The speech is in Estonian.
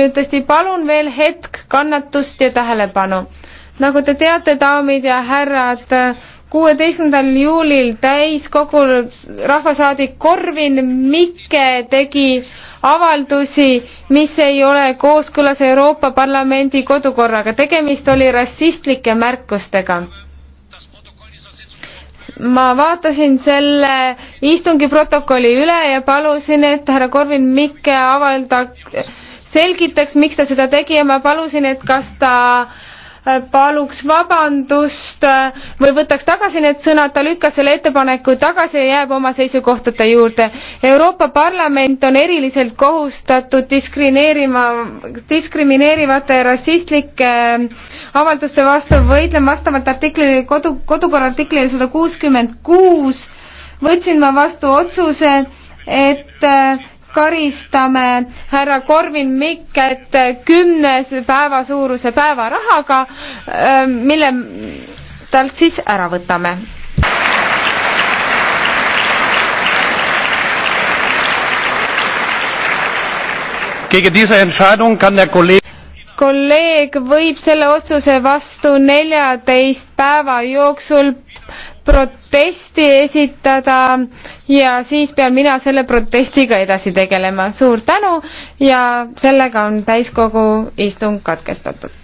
nüüd tõesti palun veel hetk kannatust ja tähelepanu. nagu te teate, daamid ja härrad, kuueteistkümnendal juulil täiskogul rahvasaadik Korvin Mikke tegi avaldusi, mis ei ole kooskõlas Euroopa Parlamendi kodukorraga. tegemist oli rassistlike märkustega ma vaatasin selle istungi protokolli üle ja palusin, et härra Korvin Mikke avaldaks selgitaks, miks ta seda tegi ja ma palusin, et kas ta äh, paluks vabandust äh, või võtaks tagasi need sõnad, ta lükkas selle ettepaneku tagasi ja jääb oma seisukohtade juurde. Euroopa Parlament on eriliselt kohustatud diskrimineerima, diskrimineerivate rassistlike äh, avalduste vastu võitlema vastavalt artiklile, kodu, kodukorra artiklile sada kuuskümmend kuus võtsin ma vastu otsuse, et äh, karistame härra Korvin Mikket kümnes päeva suuruse päevarahaga, ähm, mille talt siis ära võtame. kolleeg võib selle otsuse vastu neljateist päeva jooksul protesti esitada ja siis pean mina selle protestiga edasi tegelema. suur tänu ja sellega on täiskogu istung katkestatud.